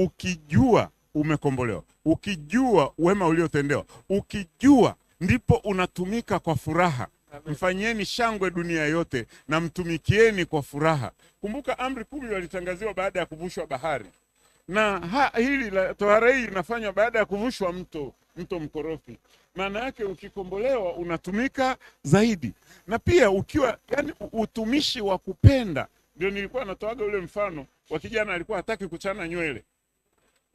ukijua umekombolewa, ukijua wema uliotendewa, ukijua ndipo unatumika kwa furaha. Mfanyieni shangwe dunia yote na mtumikieni kwa furaha. Kumbuka amri kumi walitangaziwa baada ya kuvushwa bahari, na ha, hili la tohara hii linafanywa baada ya kuvushwa mto mto mkorofi. Maana yake ukikombolewa unatumika zaidi, na pia ukiwa yani, utumishi wa kupenda. Ndio nilikuwa natoaga ule mfano wa kijana alikuwa hataki kuchana nywele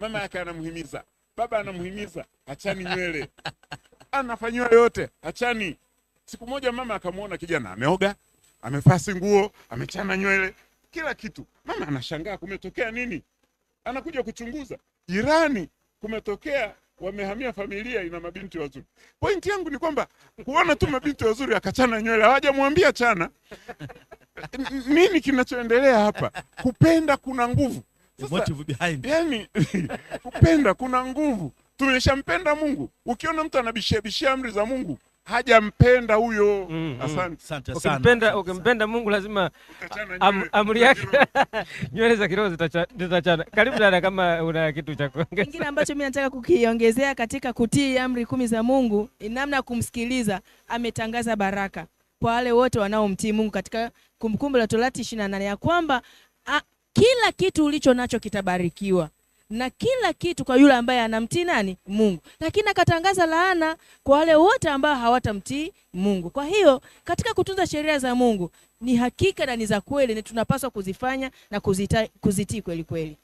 mama yake anamhimiza, baba anamhimiza, achani nywele, anafanyiwa yote, achani. Siku moja mama akamwona kijana ameoga, amefasi nguo, amechana nywele, kila kitu. Mama anashangaa kumetokea nini? Anakuja kuchunguza jirani, kumetokea wamehamia familia ina mabinti wazuri. Pointi yangu ni kwamba kuona tu mabinti wazuri akachana nywele, hawajamwambia chana. Nini kinachoendelea hapa? Kupenda kuna nguvu the motive behind. Yani kupenda kuna nguvu. Tumeshampenda Mungu. Ukiona mtu anabishia bishia amri za Mungu, hajampenda huyo. Mm-hmm. asante. sana. Ukimpenda ukimpenda Mungu lazima amri yake nywele za kiroho zitachana. Karibu dada, kama una kitu cha kuongeza. Kingine ambacho mimi nataka kukiongezea katika kutii amri kumi za Mungu, ni namna ya kumsikiliza, ametangaza baraka kwa wale wote wanaomtii Mungu katika Kumbukumbu la Torati 28 ya kwamba kila kitu ulicho nacho kitabarikiwa na kila kitu kwa yule ambaye anamtii nani? Mungu. Lakini akatangaza laana kwa wale wote ambao hawatamtii Mungu. Kwa hiyo katika kutunza sheria za Mungu ni hakika na ni za kweli, na tunapaswa kuzifanya na kuzitii kweli kweli.